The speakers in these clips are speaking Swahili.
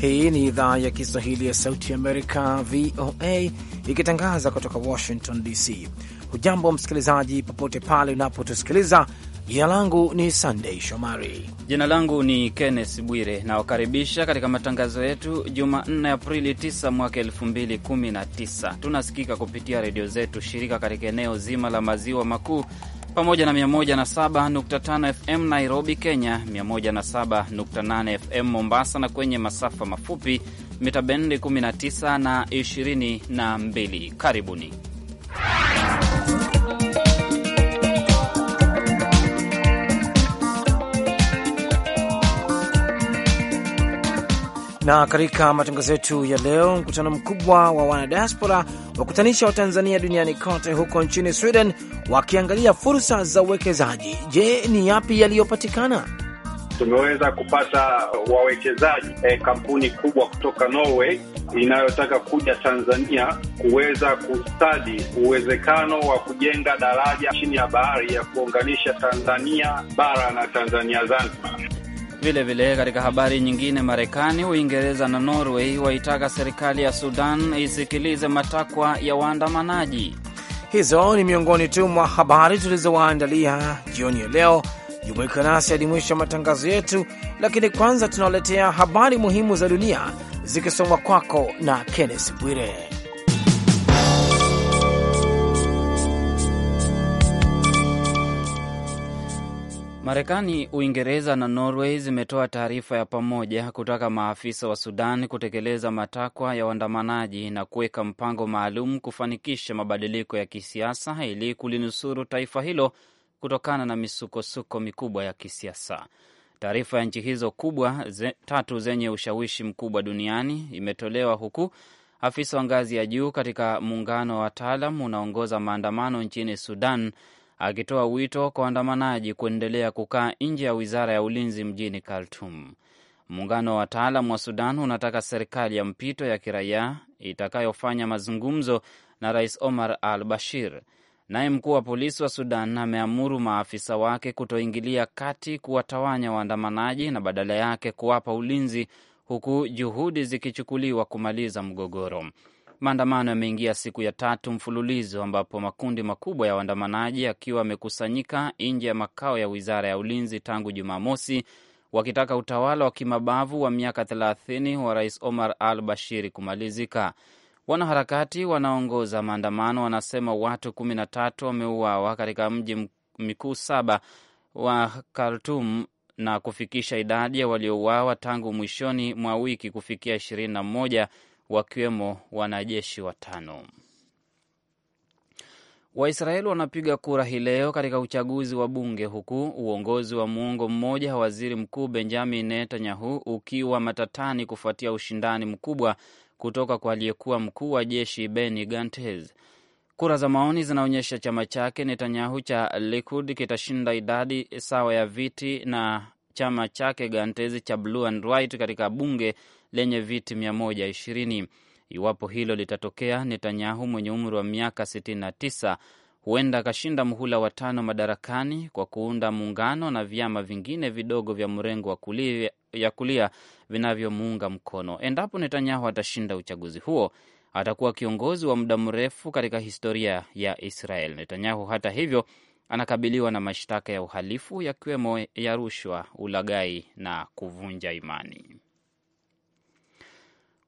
Hii ni idhaa ya Kiswahili ya Sauti Amerika, VOA, ikitangaza kutoka Washington DC. Hujambo msikilizaji, popote pale unapotusikiliza. Jina langu ni Sandei Shomari. Jina langu ni Kenneth Bwire. Nawakaribisha katika matangazo yetu Jumanne, Aprili 9 mwaka 2019. Tunasikika kupitia redio zetu shirika katika eneo zima la maziwa makuu pamoja na 107.5 FM Nairobi, Kenya, 107.8 FM Mombasa, na kwenye masafa mafupi mita bendi 19 na 22. Karibuni. Na katika matangazo yetu ya leo, mkutano mkubwa wa wanadiaspora wakutanisha Watanzania duniani kote huko nchini Sweden, wakiangalia fursa za uwekezaji. Je, ni yapi yaliyopatikana? Tumeweza kupata wawekezaji eh, kampuni kubwa kutoka Norway inayotaka kuja Tanzania kuweza kustadi uwezekano wa kujenga daraja chini ya bahari ya kuunganisha Tanzania bara na Tanzania Zanzibar. Vilevile katika habari nyingine, Marekani, Uingereza na Norway waitaka serikali ya Sudan isikilize matakwa ya waandamanaji. Hizo ni miongoni tu mwa habari tulizowaandalia jioni ya leo. Jumuika nasi hadi mwisho wa matangazo yetu, lakini kwanza tunawaletea habari muhimu za dunia zikisomwa kwako na Kenneth Bwire. Marekani, Uingereza na Norway zimetoa taarifa ya pamoja kutaka maafisa wa Sudan kutekeleza matakwa ya waandamanaji na kuweka mpango maalum kufanikisha mabadiliko ya kisiasa ili kulinusuru taifa hilo kutokana na misukosuko mikubwa ya kisiasa. Taarifa ya nchi hizo kubwa ze, tatu zenye ushawishi mkubwa duniani imetolewa huku afisa wa ngazi ya juu katika muungano wa wataalam unaongoza maandamano nchini Sudan akitoa wito kwa waandamanaji kuendelea kukaa nje ya wizara ya ulinzi mjini Khartum. Muungano wa wataalam wa Sudan unataka serikali ya mpito ya kiraia itakayofanya mazungumzo na Rais Omar al Bashir. Naye mkuu wa polisi wa Sudan ameamuru maafisa wake kutoingilia kati kuwatawanya waandamanaji na badala yake kuwapa ulinzi, huku juhudi zikichukuliwa kumaliza mgogoro. Maandamano yameingia siku ya tatu mfululizo ambapo makundi makubwa ya waandamanaji akiwa amekusanyika nje ya makao ya wizara ya ulinzi tangu Jumamosi, wakitaka utawala wa kimabavu wa miaka 30 wa Rais Omar al Bashir kumalizika. Wanaharakati wanaongoza maandamano wanasema watu 13 wameuawa katika mji mikuu saba wa Khartum na kufikisha idadi ya waliouawa tangu mwishoni mwa wiki kufikia 21 wakiwemo wanajeshi watano. Waisraeli wanapiga kura hii leo katika uchaguzi wa bunge huku uongozi wa muongo mmoja wa waziri mkuu Benjamin Netanyahu ukiwa matatani kufuatia ushindani mkubwa kutoka kwa aliyekuwa mkuu wa jeshi Benny Gantz. Kura za maoni zinaonyesha chama chake Netanyahu cha Likud kitashinda idadi sawa ya viti na chama chake gantezi cha Blue and White katika bunge lenye viti 120. Iwapo hilo litatokea, Netanyahu mwenye umri wa miaka 69 huenda akashinda mhula wa tano madarakani kwa kuunda muungano na vyama vingine vidogo vya mrengo wa kulia, ya kulia vinavyomuunga mkono. Endapo Netanyahu atashinda uchaguzi huo, atakuwa kiongozi wa muda mrefu katika historia ya Israel. Netanyahu hata hivyo anakabiliwa na mashtaka ya uhalifu yakiwemo ya rushwa, ulagai na kuvunja imani.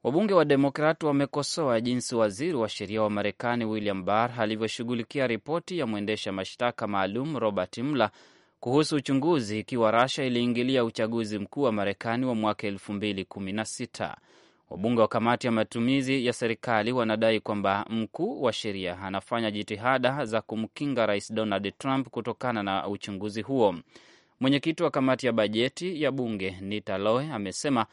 Wabunge wa Demokrat wamekosoa jinsi waziri wa sheria wa Marekani William Barr alivyoshughulikia ripoti ya mwendesha mashtaka maalum Robert Mueller kuhusu uchunguzi ikiwa Rasha iliingilia uchaguzi mkuu wa Marekani wa mwaka elfu mbili kumi na sita. Wabunge wa kamati ya matumizi ya serikali wanadai kwamba mkuu wa sheria anafanya jitihada za kumkinga Rais Donald Trump kutokana na uchunguzi huo. Mwenyekiti wa kamati ya bajeti ya bunge Nita loe amesema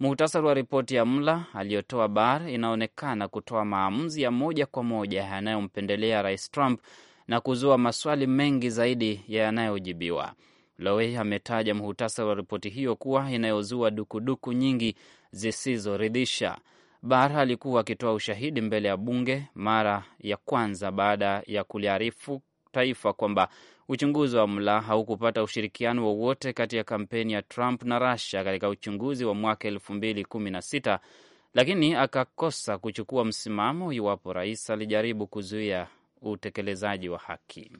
muhtasari wa ripoti ya mla aliyotoa bar inaonekana kutoa maamuzi ya moja kwa moja yanayompendelea Rais Trump na kuzua maswali mengi zaidi yanayojibiwa. loe ametaja muhtasari wa ripoti hiyo kuwa inayozua dukuduku nyingi zisizoridhisha. Bar alikuwa akitoa ushahidi mbele ya bunge mara ya kwanza baada ya kuliarifu taifa kwamba uchunguzi wa Mueller haukupata ushirikiano wowote kati ya kampeni ya Trump na Russia katika uchunguzi wa mwaka elfu mbili kumi na sita, lakini akakosa kuchukua msimamo iwapo rais alijaribu kuzuia utekelezaji wa haki.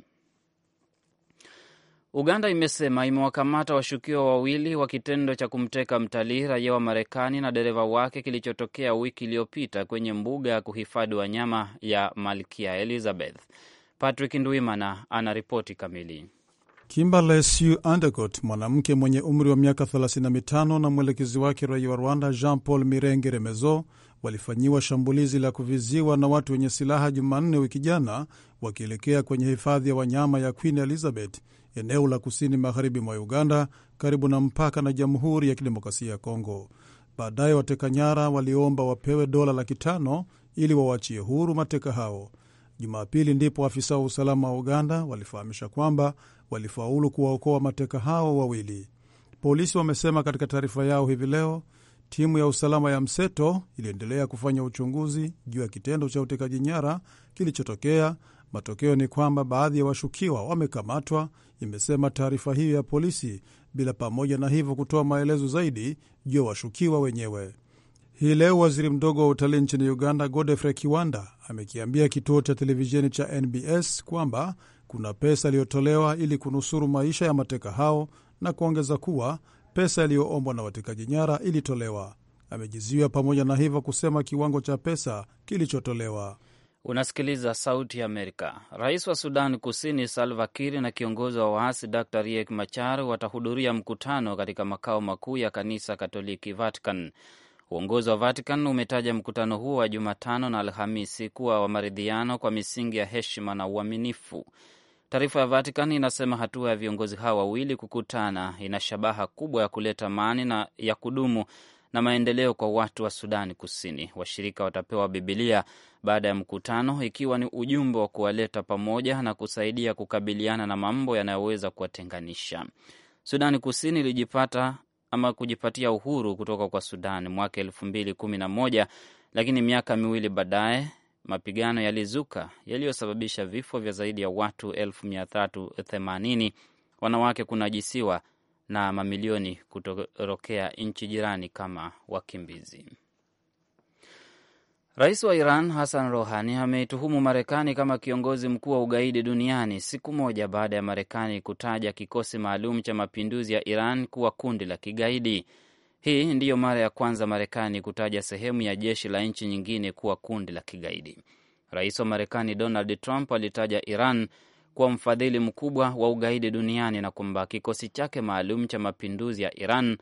Uganda imesema imewakamata washukiwa wawili wa kitendo cha kumteka mtalii raia wa Marekani na dereva wake kilichotokea wiki iliyopita kwenye mbuga ya kuhifadhi wanyama ya Malkia Elizabeth. Patrick Ndwimana ana ripoti kamili. Kimberley Sue Undergott, mwanamke mwenye umri wa miaka 35 na mwelekezi wake raia wa Rwanda Jean Paul Mirenge Remezo walifanyiwa shambulizi la kuviziwa na watu wenye silaha Jumanne wiki jana wakielekea kwenye hifadhi ya wanyama ya Queen Elizabeth, eneo la kusini magharibi mwa Uganda, karibu na mpaka na Jamhuri ya Kidemokrasia ya Kongo. Baadaye wateka nyara waliomba wapewe dola laki tano ili wawachie huru mateka hao. Jumapili ndipo afisa wa usalama wa Uganda walifahamisha kwamba walifaulu kuwaokoa mateka hao wawili, polisi wamesema katika taarifa yao hivi leo. Timu ya usalama ya mseto iliendelea kufanya uchunguzi juu ya kitendo cha utekaji nyara kilichotokea. Matokeo ni kwamba baadhi ya washukiwa wamekamatwa, imesema taarifa hiyo ya polisi, bila pamoja na hivyo kutoa maelezo zaidi juu ya washukiwa wenyewe. Hii leo waziri mdogo wa utalii nchini Uganda, Godfrey Kiwanda, amekiambia kituo cha televisheni cha NBS kwamba kuna pesa iliyotolewa ili kunusuru maisha ya mateka hao na kuongeza kuwa pesa iliyoombwa na watekaji nyara ilitolewa. Amejizuia pamoja na hivyo kusema kiwango cha pesa kilichotolewa. Unasikiliza Sauti ya Amerika. Rais wa Sudan Kusini Salva Kiir na kiongozi wa waasi Dr Riek Machar watahudhuria mkutano katika makao makuu ya kanisa Katoliki Vatican. Uongozi wa Vatican umetaja mkutano huo wa Jumatano na Alhamisi kuwa wa maridhiano kwa misingi ya heshima na uaminifu. Taarifa ya Vatican inasema hatua ya viongozi hawa wawili kukutana ina shabaha kubwa ya kuleta amani na ya kudumu na maendeleo kwa watu wa Sudani Kusini. Washirika watapewa Bibilia baada ya mkutano, ikiwa ni ujumbe wa kuwaleta pamoja na kusaidia kukabiliana na mambo yanayoweza kuwatenganisha. Sudani Kusini ilijipata ama kujipatia uhuru kutoka kwa Sudan mwaka elfu mbili kumi na moja, lakini miaka miwili baadaye mapigano yalizuka yaliyosababisha vifo vya zaidi ya watu 380 wanawake kunajisiwa na mamilioni kutorokea nchi jirani kama wakimbizi. Rais wa Iran Hassan Rohani ameituhumu Marekani kama kiongozi mkuu wa ugaidi duniani siku moja baada ya Marekani kutaja kikosi maalum cha mapinduzi ya Iran kuwa kundi la kigaidi. Hii ndiyo mara ya kwanza Marekani kutaja sehemu ya jeshi la nchi nyingine kuwa kundi la kigaidi. Rais wa Marekani Donald Trump alitaja Iran kuwa mfadhili mkubwa wa ugaidi duniani na kwamba kikosi chake maalum cha mapinduzi ya Iran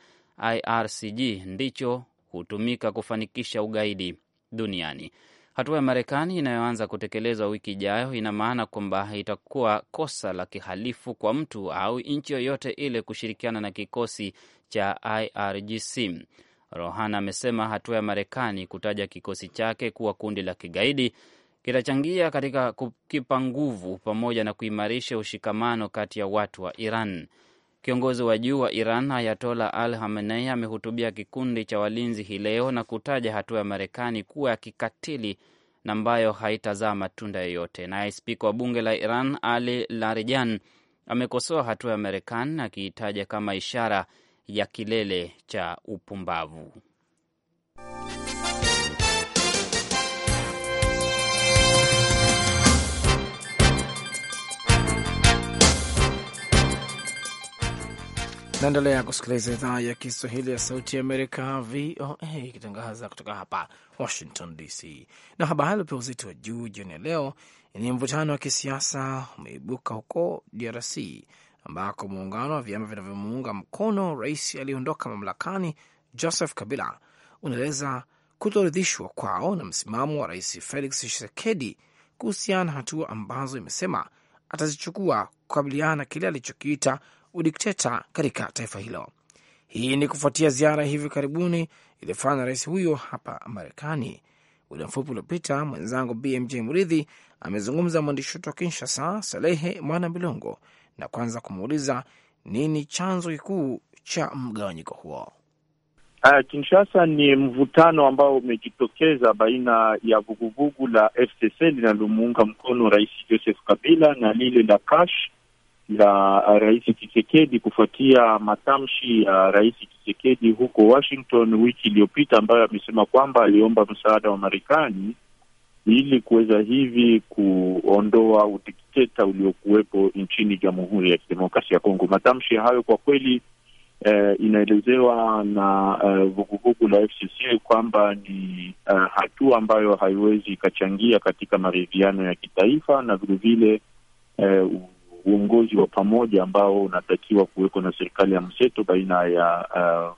ircg ndicho hutumika kufanikisha ugaidi duniani. Hatua ya Marekani inayoanza kutekelezwa wiki ijayo ina maana kwamba itakuwa kosa la kihalifu kwa mtu au nchi yoyote ile kushirikiana na kikosi cha IRGC. Rohan amesema hatua ya Marekani kutaja kikosi chake kuwa kundi la kigaidi kitachangia katika kukipa nguvu pamoja na kuimarisha ushikamano kati ya watu wa Iran. Kiongozi wa juu wa Iran Ayatola Al Hamenei amehutubia kikundi cha walinzi hii leo na kutaja hatua ya Marekani kuwa ya kikatili na ambayo haitazaa matunda yoyote. Naye spika wa bunge la Iran Ali Larijan amekosoa hatua ya Marekani akiitaja kama ishara ya kilele cha upumbavu. Naendelea kusikiliza idhaa ya Kiswahili ya Sauti ya Amerika, VOA, ikitangaza kutoka hapa Washington DC. Na habari iliyopewa uzito wa juu jioni ya leo ni mvutano wa kisiasa umeibuka huko DRC ambako muungano wa vyama vinavyomuunga mkono rais aliyeondoka mamlakani Joseph Kabila unaeleza kutoridhishwa kwao na msimamo wa rais Felix Tshisekedi kuhusiana na hatua ambazo imesema atazichukua kukabiliana na kile alichokiita udikteta katika taifa hilo. Hii ni kufuatia ziara hivi karibuni iliyofanya na rais huyo hapa Marekani. Muda mfupi uliopita, mwenzangu BMJ Mridhi amezungumza mwandishi wetu wa Kinshasa, Salehe Mwana Milongo, na kwanza kumuuliza nini chanzo kikuu cha mgawanyiko huo. Uh, Kinshasa ni mvutano ambao umejitokeza baina ya vuguvugu la FCC linalomuunga mkono Rais Joseph Kabila na lile la Kash la Rais Tshisekedi kufuatia matamshi ya uh, Rais Tshisekedi huko Washington wiki iliyopita ambayo amesema kwamba aliomba msaada wa Marekani ili kuweza hivi kuondoa udikteta uliokuwepo nchini Jamhuri ya Kidemokrasia ya Kongo. Matamshi hayo kwa kweli eh, inaelezewa na eh, vuguvugu eh, la FCC kwamba ni eh, hatua ambayo haiwezi ikachangia katika maridhiano ya kitaifa na vilevile eh, uongozi wa pamoja ambao unatakiwa kuwekwa na serikali ya mseto baina ya uh,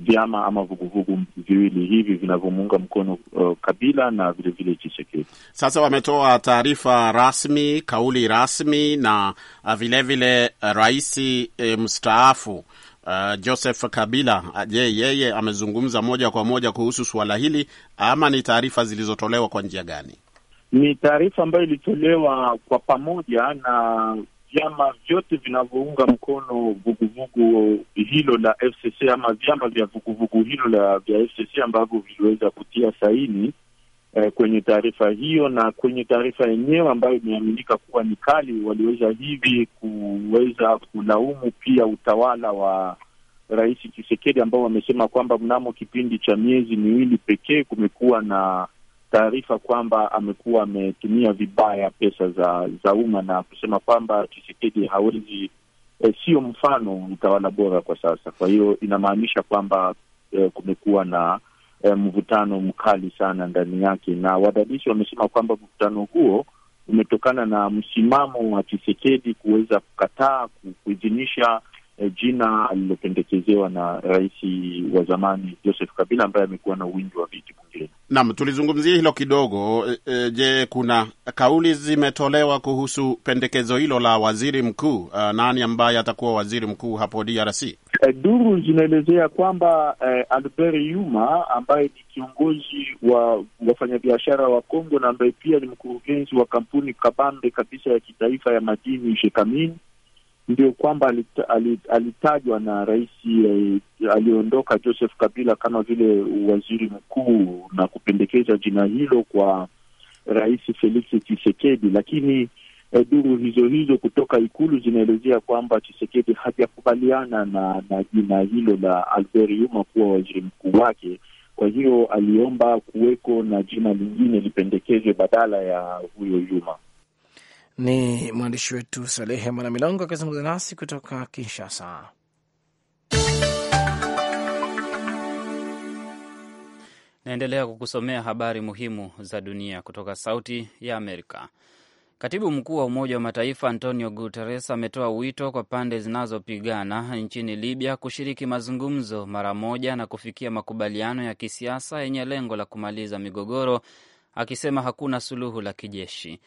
vyama ama vuguvugu viwili hivi vinavyomuunga mkono uh, Kabila na vilevile Tshisekedi. Sasa wametoa taarifa rasmi, kauli rasmi na vilevile uh, uh, rais uh, mstaafu Uh, Joseph Kabila, uh, je, yeye amezungumza moja kwa moja kuhusu suala hili ama ni taarifa zilizotolewa kwa njia gani? Ni taarifa ambayo ilitolewa kwa pamoja na vyama vyote vinavyounga mkono vuguvugu hilo la FCC ama vyama vya vuguvugu hilo la vya FCC ambavyo viliweza kutia saini eh, kwenye taarifa hiyo na kwenye taarifa yenyewe ambayo imeaminika kuwa ni kali, waliweza hivi kuweza kulaumu pia utawala wa Rais Tshisekedi ambao wamesema kwamba mnamo kipindi cha miezi miwili pekee kumekuwa na taarifa kwamba amekuwa ametumia vibaya pesa za za umma na kusema kwamba chisekedi hawezi e, sio mfano utawala bora kwa sasa. Kwa hiyo inamaanisha kwamba e, kumekuwa na e, mvutano mkali sana ndani yake, na wadadisi wamesema kwamba mvutano huo umetokana na msimamo wa Tshisekedi kuweza kukataa kuidhinisha e, jina alilopendekezewa na rais wa zamani Joseph Kabila ambaye amekuwa na wingi wa viti bungeni. Naam, tulizungumzia hilo kidogo. E, je, kuna kauli zimetolewa kuhusu pendekezo hilo la waziri mkuu? A, nani ambaye atakuwa waziri mkuu hapo DRC? E, duru zinaelezea kwamba e, Albert Yuma ambaye ni kiongozi wa wafanyabiashara wa Kongo na ambaye pia ni mkurugenzi wa kampuni kabambe kabisa ya kitaifa ya madini Shekamin ndio kwamba alitajwa na rais eh, aliyoondoka aliyeondoka Joseph Kabila kama vile waziri mkuu na kupendekeza jina hilo kwa rais Felix Tshisekedi, lakini eh, duru hizo hizo kutoka ikulu zinaelezea kwamba Tshisekedi hajakubaliana na, na jina hilo la Albert Yuma kuwa waziri mkuu wake. Kwa hiyo aliomba kuweko na jina lingine lipendekezwe badala ya huyo Yuma. Ni mwandishi wetu Salehe Mwanamilongo akizungumza nasi kutoka Kinshasa. Naendelea kukusomea habari muhimu za dunia kutoka Sauti ya Amerika. Katibu mkuu wa Umoja wa Mataifa Antonio Guterres ametoa wito kwa pande zinazopigana nchini Libya kushiriki mazungumzo mara moja na kufikia makubaliano ya kisiasa yenye lengo la kumaliza migogoro, akisema hakuna suluhu la kijeshi.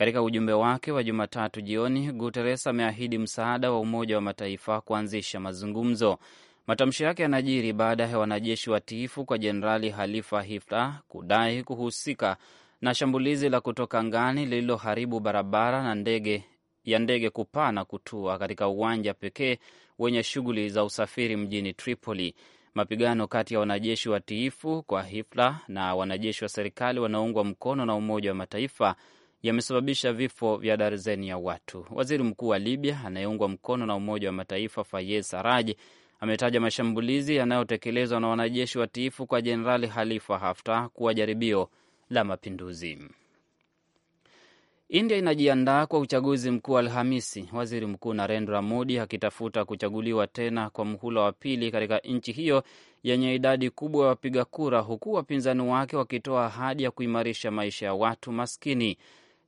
Katika ujumbe wake wa Jumatatu jioni, Guterres ameahidi msaada wa Umoja wa Mataifa kuanzisha mazungumzo. Matamshi yake yanajiri baada ya wanajeshi watiifu kwa Jenerali Halifa Hifta kudai kuhusika na shambulizi la kutoka ngani lililoharibu barabara na ndege ya ndege kupaa na kutua katika uwanja pekee wenye shughuli za usafiri mjini Tripoli. Mapigano kati ya wanajeshi watiifu kwa Hifla na wanajeshi wa serikali wanaoungwa mkono na Umoja wa Mataifa yamesababisha vifo vya darzeni ya watu. Waziri mkuu wa Libya anayeungwa mkono na Umoja wa Mataifa Fayez Saraj ametaja mashambulizi yanayotekelezwa na wanajeshi watiifu kwa Jenerali halifa Haftar kuwa jaribio la mapinduzi. India inajiandaa kwa uchaguzi mkuu Alhamisi, waziri mkuu Narendra Modi akitafuta kuchaguliwa tena kwa mhula wa pili katika nchi hiyo yenye idadi kubwa ya wapiga kura, huku wapinzani wake wakitoa ahadi ya kuimarisha maisha ya watu maskini.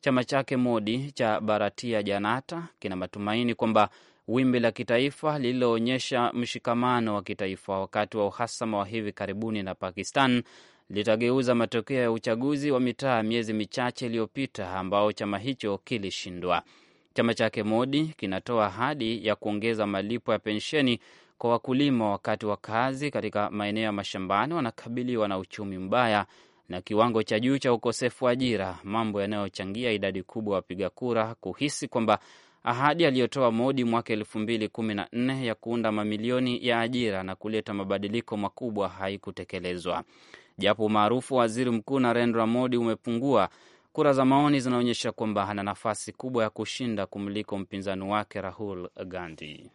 Chama chake Modi cha Bharatiya Janata kina matumaini kwamba wimbi la kitaifa lililoonyesha mshikamano wa kitaifa wakati wa uhasama wa hivi karibuni na Pakistan litageuza matokeo ya uchaguzi wa mitaa miezi michache iliyopita ambao chama hicho kilishindwa. Chama chake Modi kinatoa ahadi ya kuongeza malipo ya pensheni kwa wakulima, wakati wa kazi katika maeneo ya mashambani wanakabiliwa na uchumi mbaya na kiwango cha juu cha ukosefu wa ajira, mambo yanayochangia idadi kubwa wapiga kura kuhisi kwamba ahadi aliyotoa Modi mwaka elfu mbili kumi na nne ya kuunda mamilioni ya ajira na kuleta mabadiliko makubwa haikutekelezwa. Japo umaarufu wa waziri mkuu Narendra Modi umepungua, kura za maoni zinaonyesha kwamba ana nafasi kubwa ya kushinda kumliko mpinzani wake Rahul Gandhi.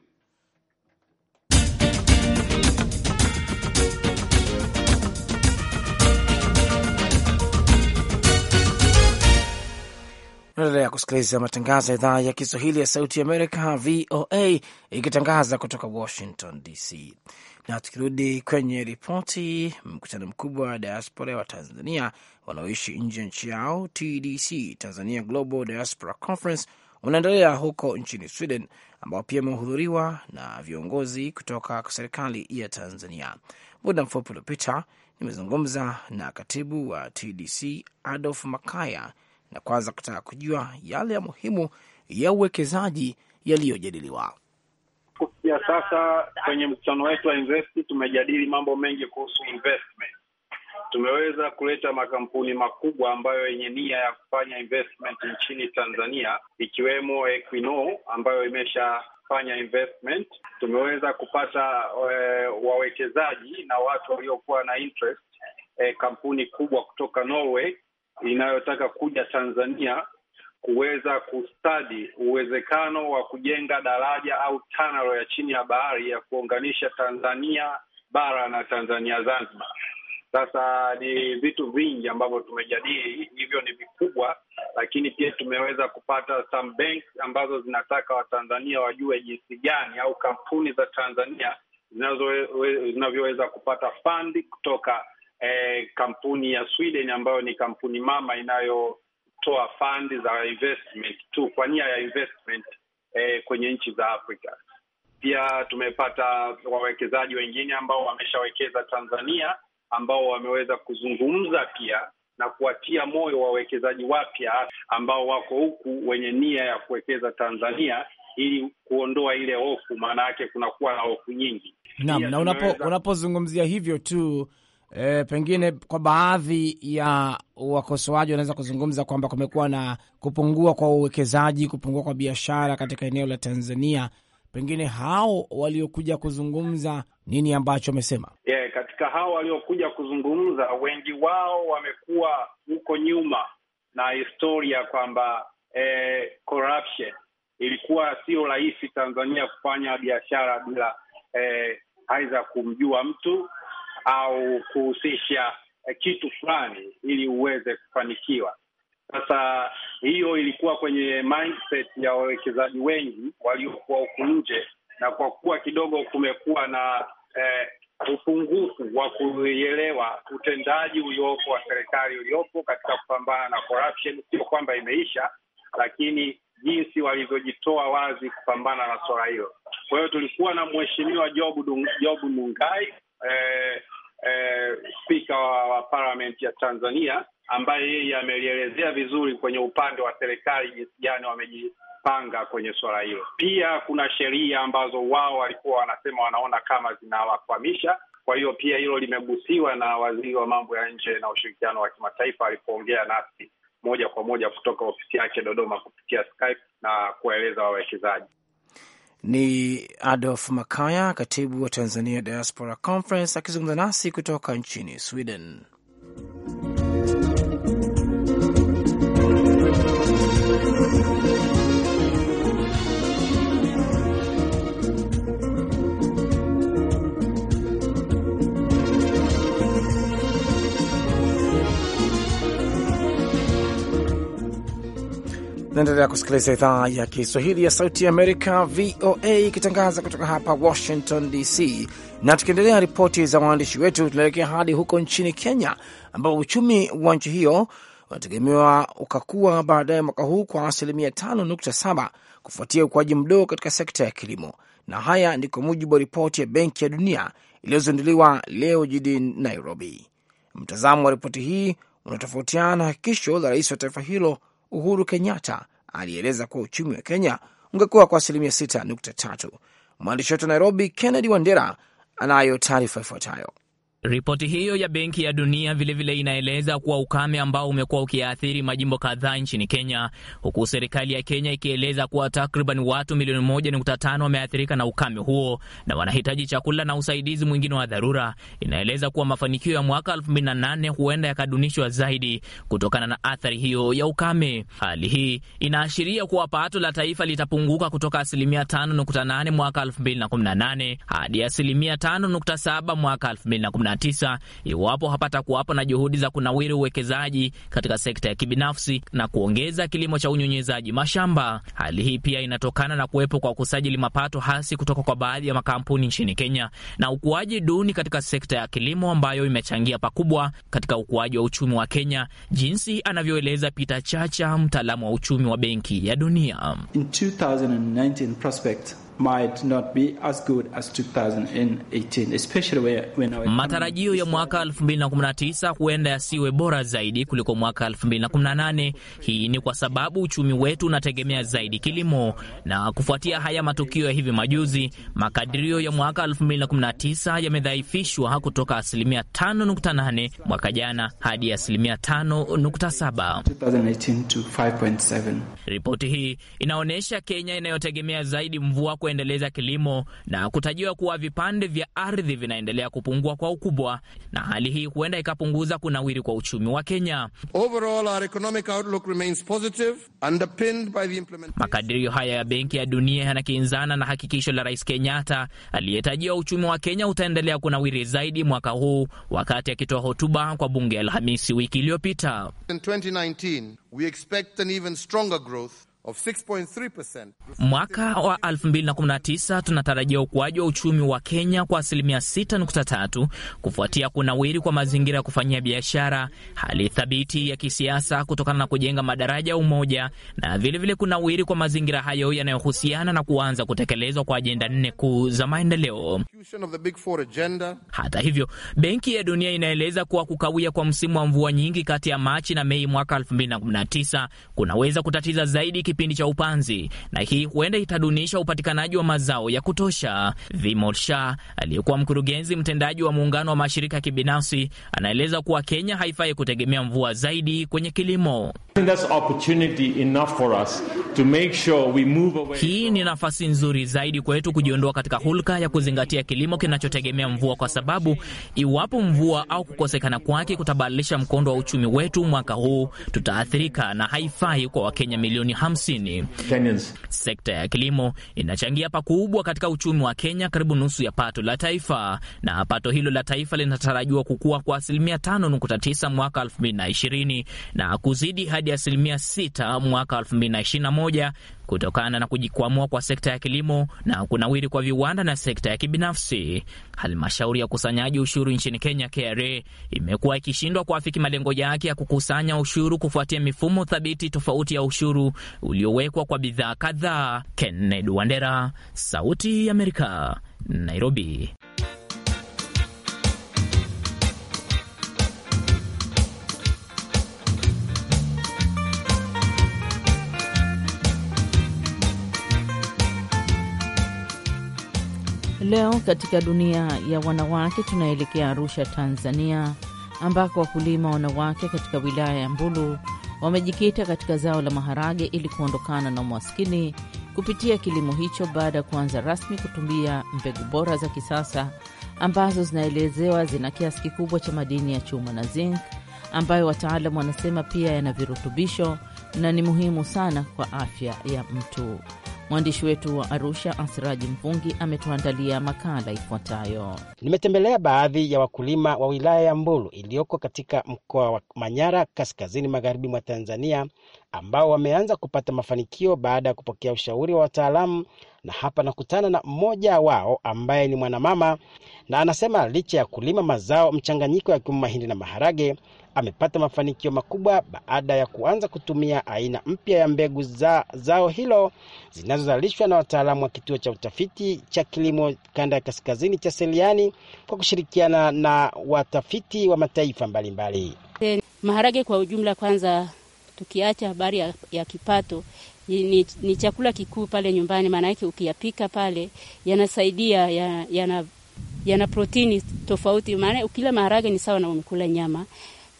Unaendelea kusikiliza matangazo ya idhaa ya Kiswahili ya Sauti Amerika, VOA, ikitangaza kutoka Washington DC. Na tukirudi kwenye ripoti, mkutano mkubwa wa diaspora wa Tanzania wanaoishi nje ya nchi yao, TDC, Tanzania Global Diaspora Conference, unaendelea huko nchini Sweden, ambao pia umehudhuriwa na viongozi kutoka serikali ya Tanzania. Muda mfupi uliopita nimezungumza na katibu wa TDC Adolf Makaya na kwanza kutaka kujua yale ya muhimu ya uwekezaji yaliyojadiliwa. Kufikia sasa kwenye mkutano wetu wa Invest tumejadili mambo mengi kuhusu investment. Tumeweza kuleta makampuni makubwa ambayo yenye nia ya kufanya investment nchini Tanzania ikiwemo Equinor ambayo imeshafanya investment. Tumeweza kupata e, wawekezaji na watu waliokuwa na interest e, kampuni kubwa kutoka Norway inayotaka kuja Tanzania kuweza kustadi uwezekano wa kujenga daraja au tunnel ya chini ya bahari ya kuunganisha Tanzania bara na Tanzania Zanzibar. Sasa ni vitu vingi ambavyo tumejadili, hivyo ni vikubwa, lakini pia tumeweza kupata some banks ambazo zinataka Watanzania wajue jinsi gani au kampuni za Tanzania zinavyoweza kupata fundi kutoka eh, kampuni ya Sweden ambayo ni kampuni mama inayotoa fund za investment tu kwa nia ya investment eh, kwenye nchi za Afrika. Pia tumepata wawekezaji wengine ambao wameshawekeza Tanzania ambao wameweza kuzungumza pia na kuwatia moyo wawekezaji wapya ambao wako huku wenye nia ya kuwekeza Tanzania ili kuondoa ile hofu, maana yake kunakuwa na hofu nyingi. Naam, na unapozungumzia unapo hivyo tu E, pengine kwa baadhi ya wakosoaji wanaweza kuzungumza kwamba kumekuwa na kupungua kwa uwekezaji, kupungua kwa biashara katika eneo la Tanzania. Pengine hao waliokuja kuzungumza nini ambacho wamesema? Yeah, katika hao waliokuja kuzungumza wengi wao wamekuwa huko nyuma na historia kwamba eh, corruption ilikuwa sio rahisi Tanzania kufanya biashara bila eh, aidha kumjua mtu au kuhusisha eh, kitu fulani ili uweze kufanikiwa. Sasa hiyo ilikuwa kwenye mindset ya wawekezaji wengi waliokuwa huku nje, na kwa kuwa kidogo kumekuwa na eh, upungufu wa kuielewa utendaji uliopo wa serikali uliopo katika kupambana na corruption, sio kwamba imeisha, lakini jinsi walivyojitoa wazi kupambana na swala hilo. Kwa hiyo tulikuwa na mheshimiwa Jobu Jobu Mungai eh, eh, spika wa parliament ya Tanzania ambaye yeye amelielezea vizuri kwenye upande wa serikali jinsi gani wamejipanga kwenye suala hilo. Pia kuna sheria ambazo wao walikuwa wanasema wanaona kama zinawakwamisha. Kwa hiyo pia hilo limegusiwa na waziri wa mambo ya nje na ushirikiano wa kimataifa alipoongea nasi moja kwa moja kutoka ofisi yake Dodoma kupitia Skype na kuwaeleza wawekezaji. Ni Adolf Makaya, katibu wa Tanzania Diaspora Conference, akizungumza nasi kutoka nchini Sweden. Naendelea kusikiliza idhaa ya Kiswahili ya Sauti ya Amerika, VOA, ikitangaza kutoka hapa Washington DC. Na tukiendelea ripoti za waandishi wetu, tunaelekea hadi huko nchini Kenya, ambapo uchumi wa nchi hiyo unategemewa ukakua baadaye mwaka huu kwa asilimia 5.7 kufuatia ukuaji mdogo katika sekta ya kilimo. Na haya ni kwa mujibu wa ripoti ya Benki ya Dunia iliyozinduliwa leo jijini Nairobi. Mtazamo wa ripoti hii unatofautiana na hakikisho la rais wa taifa hilo Uhuru Kenyatta alieleza kuwa uchumi wa Kenya ungekuwa kwa asilimia 6.3. Mwandishi wetu wa Nairobi, Kennedy Wandera, anayo taarifa ifuatayo. Ripoti hiyo ya Benki ya Dunia vilevile vile inaeleza kuwa ukame ambao umekuwa ukiathiri majimbo kadhaa nchini Kenya, huku serikali ya Kenya ikieleza kuwa takriban watu milioni moja tano wameathirika na ukame huo na wanahitaji chakula na usaidizi mwingine wa dharura. Inaeleza kuwa mafanikio ya mwaka 2008 huenda yakadunishwa zaidi kutokana na athari hiyo ya ukame. Hali hii inaashiria kuwa pato la taifa litapunguka kutoka asilimia 5.8 mwaka 2018 hadi asilimia 5.7 mwaka 2019. 19 iwapo hapata kuwapo na juhudi za kunawiri uwekezaji katika sekta ya kibinafsi na kuongeza kilimo cha unyunyizaji mashamba. Hali hii pia inatokana na kuwepo kwa kusajili mapato hasi kutoka kwa baadhi ya makampuni nchini Kenya na ukuaji duni katika sekta ya kilimo ambayo imechangia pakubwa katika ukuaji wa uchumi wa Kenya, jinsi anavyoeleza Peter Chacha, mtaalamu wa uchumi wa Benki ya Dunia. In 2019, prospect Matarajio ya mwaka 2019 huenda yasiwe bora zaidi kuliko mwaka 2018. Hii ni kwa sababu uchumi wetu unategemea zaidi kilimo, na kufuatia haya matukio ya hivi majuzi, makadirio ya mwaka 2019 yamedhaifishwa kutoka asilimia 5.8 mwaka jana hadi asilimia 5.7. Ripoti hii inaonyesha Kenya inayotegemea zaidi mvua kuendeleza kilimo na kutajiwa kuwa vipande vya ardhi vinaendelea kupungua kwa ukubwa, na hali hii huenda ikapunguza kunawiri kwa uchumi wa Kenya. Makadirio haya ya Benki ya Dunia yanakinzana na hakikisho la Rais Kenyatta aliyetajia uchumi wa Kenya utaendelea kunawiri zaidi mwaka huu wakati akitoa hotuba kwa bunge Alhamisi wiki iliyopita. Mwaka wa 2019 tunatarajia ukuaji wa uchumi wa Kenya kwa asilimia 6.3 kufuatia kunawiri kwa mazingira ya kufanyia biashara, hali thabiti ya kisiasa kutokana na kujenga madaraja ya umoja na vilevile vile kunawiri kwa mazingira hayo yanayohusiana na kuanza kutekelezwa kwa ajenda nne kuu za maendeleo. Hata hivyo, Benki ya Dunia inaeleza kuwa kukawia kwa msimu wa mvua nyingi kati ya Machi na Mei mwaka 2019 kunaweza kutatiza zaidi kipindi cha upanzi, na hii huenda itadunisha upatikanaji wa mazao ya kutosha. Vimosha, aliyekuwa mkurugenzi mtendaji wa muungano wa mashirika ya kibinafsi anaeleza kuwa Kenya haifai kutegemea mvua zaidi kwenye kilimo. hii ni nafasi nzuri zaidi kwetu kujiondoa katika hulka ya kuzingatia kilimo kinachotegemea mvua, kwa sababu iwapo mvua au kukosekana kwake kutabadilisha mkondo wa uchumi wetu mwaka huu, tutaathirika na haifai kwa Wakenya milioni Kusini. Sekta ya kilimo inachangia pakubwa katika uchumi wa Kenya, karibu nusu ya pato la taifa, na pato hilo la taifa linatarajiwa kukua kwa asilimia 5.9 mwaka 2020 na kuzidi hadi asilimia 6 mwaka 2021 kutokana na kujikwamua kwa sekta ya kilimo na kunawiri kwa viwanda na sekta ya kibinafsi. Halmashauri ya ukusanyaji ushuru nchini Kenya, KRA, imekuwa ikishindwa kuafiki malengo yake ya kukusanya ushuru kufuatia mifumo thabiti tofauti ya ushuru uliowekwa kwa bidhaa kadhaa. Kennedy Wandera, Sauti ya Amerika, Nairobi. Leo katika dunia ya wanawake tunaelekea Arusha, Tanzania, ambako wakulima wanawake katika wilaya ya Mbulu wamejikita katika zao la maharage ili kuondokana na umaskini kupitia kilimo hicho baada ya kuanza rasmi kutumia mbegu bora za kisasa ambazo zinaelezewa zina kiasi kikubwa cha madini ya chuma na zinc ambayo wataalamu wanasema pia yana virutubisho na ni muhimu sana kwa afya ya mtu. Mwandishi wetu wa Arusha, Asiraji Mvungi, ametuandalia makala ifuatayo. Nimetembelea baadhi ya wakulima wa wilaya ya Mbulu iliyoko katika mkoa wa Manyara, kaskazini magharibi mwa Tanzania, ambao wameanza kupata mafanikio baada ya kupokea ushauri wa wataalamu, na hapa nakutana na mmoja wao ambaye ni mwanamama, na anasema licha ya kulima mazao mchanganyiko ya kiwemo mahindi na maharage amepata mafanikio makubwa baada ya kuanza kutumia aina mpya ya mbegu za zao hilo zinazozalishwa na wataalamu wa kituo cha utafiti cha kilimo kanda ya kaskazini cha Seliani kwa kushirikiana na watafiti wa mataifa mbalimbali. Maharage kwa ujumla, kwanza tukiacha habari ya, ya kipato ni, ni chakula kikuu pale nyumbani, maana yake ukiyapika pale yanasaidia yana, yana, yana protini tofauti. Maana ukila maharage ni sawa na umekula nyama.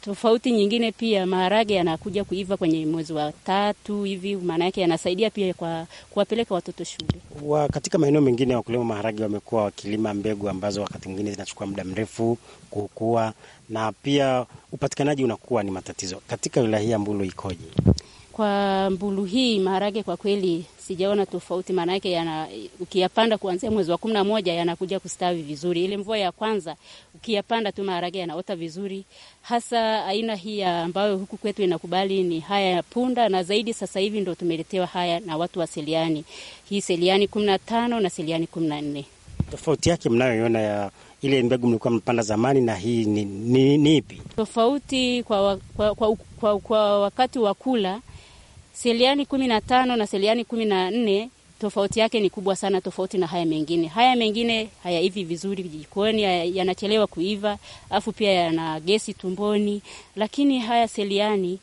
Tofauti nyingine pia, maharage yanakuja kuiva kwenye mwezi wa tatu hivi, maana yake yanasaidia pia kwa kuwapeleka watoto shule. Wa katika maeneo mengine ya wakulima maharage wamekuwa wakilima mbegu ambazo wakati mwingine zinachukua muda mrefu kukua, na pia upatikanaji unakuwa ni matatizo. Katika wilaya hii ya Mbulu ikoje? Kwa mbulu hii maharage kwa kweli sijaona tofauti, yake yana ukiyapanda kuanzia mwezi wa kumi na moja yanakuja kustawi vizuri. Ile mvua ya kwanza ukiyapanda tu maharage yanaota vizuri, hasa aina hii ambayo huku kwetu inakubali ni haya ya punda, na zaidi sasa hivi ndo tumeletewa haya na watu wa Seliani, hii Seliani kumi na tano na Seliani kumi na nne. Tofauti yake mnayoiona ya ile mbegu mlikuwa mpanda zamani na hii ni, ni, ni ipi tofauti kwa, kwa, kwa, kwa, kwa wakati wa kula seliani kumi na tano na seliani kumi na nne tofauti yake ni kubwa sana, tofauti na haya mengine. Haya mengine hayaivi vizuri jikoni, yanachelewa kuiva, afu pia yana gesi tumboni, lakini haya seliani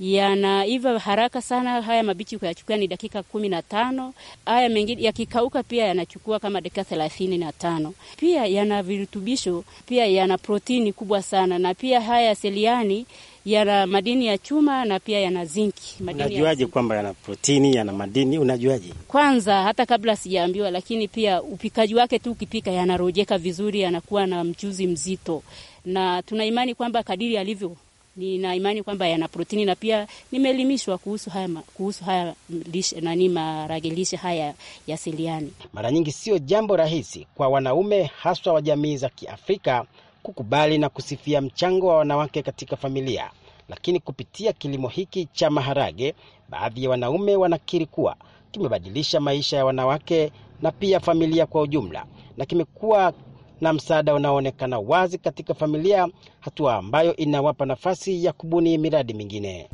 yanaiva haraka sana. Haya mabichi kuyachukua ni dakika kumi na tano. Haya mengine yakikauka pia yanachukua kama dakika thelathini na tano. Pia yana virutubisho, pia yana protini kubwa sana, na pia haya seliani yana madini ya chuma na pia yana zinki. Unajuaje ya kwamba yana protini, yana madini? Unajuaje? Kwanza hata kabla sijaambiwa, lakini pia upikaji wake tu, ukipika yanarojeka vizuri, yanakuwa na mchuzi mzito, na tuna imani kwamba kadiri alivyo nina imani kwamba yana protini na pia nimeelimishwa kuhusu haya, kuhusu haya lishe, nani maragelishe haya ya seliani. Mara nyingi sio jambo rahisi kwa wanaume haswa wa jamii za Kiafrika kukubali na kusifia mchango wa wanawake katika familia, lakini kupitia kilimo hiki cha maharage, baadhi ya wanaume wanakiri kuwa kimebadilisha maisha ya wanawake na pia familia kwa ujumla, na kimekuwa na msaada unaoonekana wazi katika familia, hatua ambayo inawapa nafasi ya kubuni miradi mingine.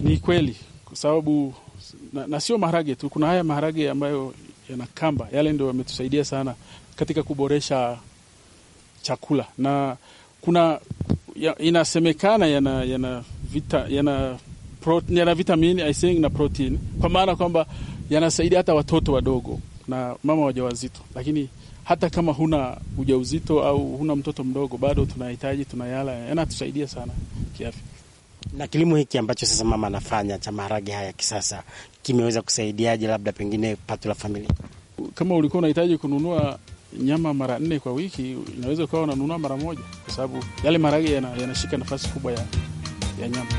Ni kweli kwa sababu na, na sio maharage tu, kuna haya maharage ambayo yana kamba, yale ndio yametusaidia sana katika kuboresha chakula na kuna ya, inasemekana yana, yana, vita, yana, pro, yana vitamini I think na protein, kwa maana kwamba yanasaidia hata watoto wadogo na mama wajawazito. Lakini hata kama huna ujauzito au huna mtoto mdogo, bado tunahitaji, tunayala, yanatusaidia sana kiafya. Na kilimo hiki ambacho sasa mama anafanya cha maharage haya kisasa kimeweza kusaidiaje labda pengine pato la familia? Kama ulikuwa unahitaji kununua nyama mara nne kwa wiki, inaweza ukawa unanunua mara moja, kwa sababu yale maharage yanashika yana nafasi kubwa ya, ya nyama.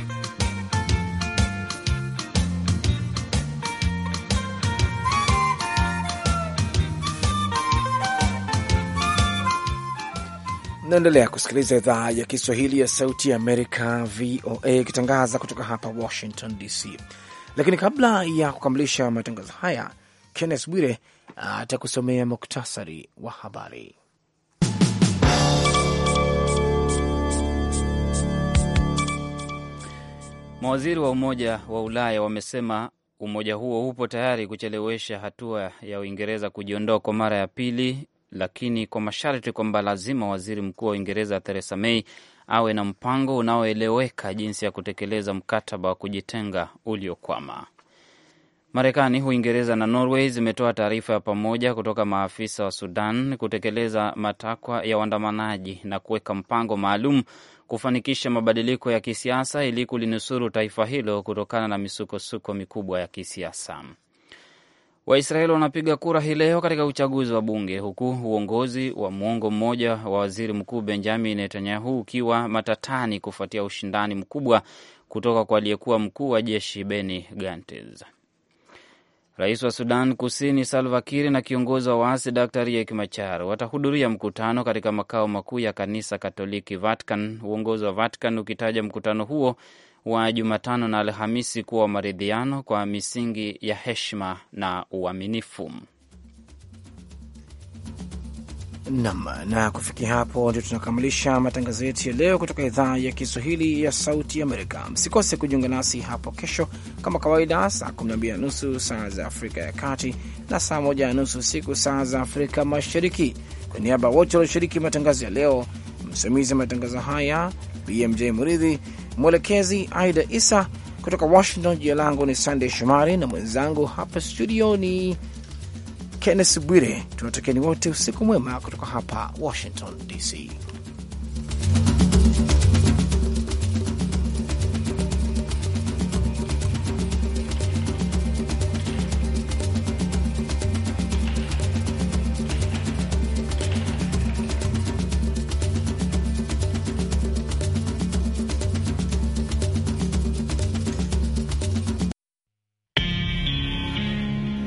Naendelea kusikiliza idhaa ya Kiswahili ya Sauti ya Amerika, VOA, ikitangaza kutoka hapa Washington DC. Lakini kabla ya kukamilisha matangazo haya, Kenneth Bwire atakusomea muktasari wa habari. Mawaziri wa Umoja wa Ulaya wamesema umoja huo upo tayari kuchelewesha hatua ya Uingereza kujiondoa kwa mara ya pili, lakini kwa masharti kwamba lazima waziri mkuu wa Uingereza Theresa May awe na mpango unaoeleweka jinsi ya kutekeleza mkataba wa kujitenga uliokwama. Marekani, Uingereza na Norway zimetoa taarifa ya pamoja kutoka maafisa wa Sudan kutekeleza matakwa ya waandamanaji na kuweka mpango maalum kufanikisha mabadiliko ya kisiasa ili kulinusuru taifa hilo kutokana na misukosuko mikubwa ya kisiasa. Waisraeli wanapiga kura hii leo katika uchaguzi wa bunge huku uongozi wa muongo mmoja wa waziri mkuu Benjamin Netanyahu ukiwa matatani kufuatia ushindani mkubwa kutoka kwa aliyekuwa mkuu wa jeshi Benny Gantz. Rais wa Sudan Kusini Salva Kiir na kiongozi wa waasi Dr Riek Machar watahudhuria mkutano katika makao makuu ya kanisa Katoliki Vatican, uongozi wa Vatican ukitaja mkutano huo wa Jumatano na Alhamisi kuwa wa maridhiano kwa misingi ya heshima na uaminifu. Nam, na kufikia hapo ndio tunakamilisha matangazo yetu ya leo kutoka idhaa ya Kiswahili ya Sauti Amerika. Msikose kujiunga nasi hapo kesho kama kawaida, saa 12 na nusu saa za Afrika ya Kati na saa 1 na nusu usiku saa za Afrika Mashariki. Kwa niaba ya wote walioshiriki matangazo ya leo, msimamizi wa matangazo haya BMJ Muridhi, mwelekezi Aida Isa kutoka Washington. Jina langu ni Sandey Shomari na mwenzangu hapa studio ni Kennes Bwire, tunatakieni wote usiku mwema kutoka hapa Washington DC.